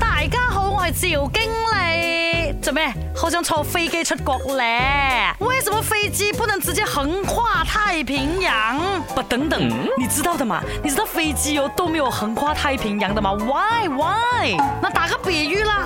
大家好，我係趙經理，做咩？好想坐飛機出國咧？為什麼飛機不能直接橫跨太平洋？不，等等，你知道的嘛？你知道飛機有都沒有橫跨太平洋的嗎？Why why？那打個比喻啦。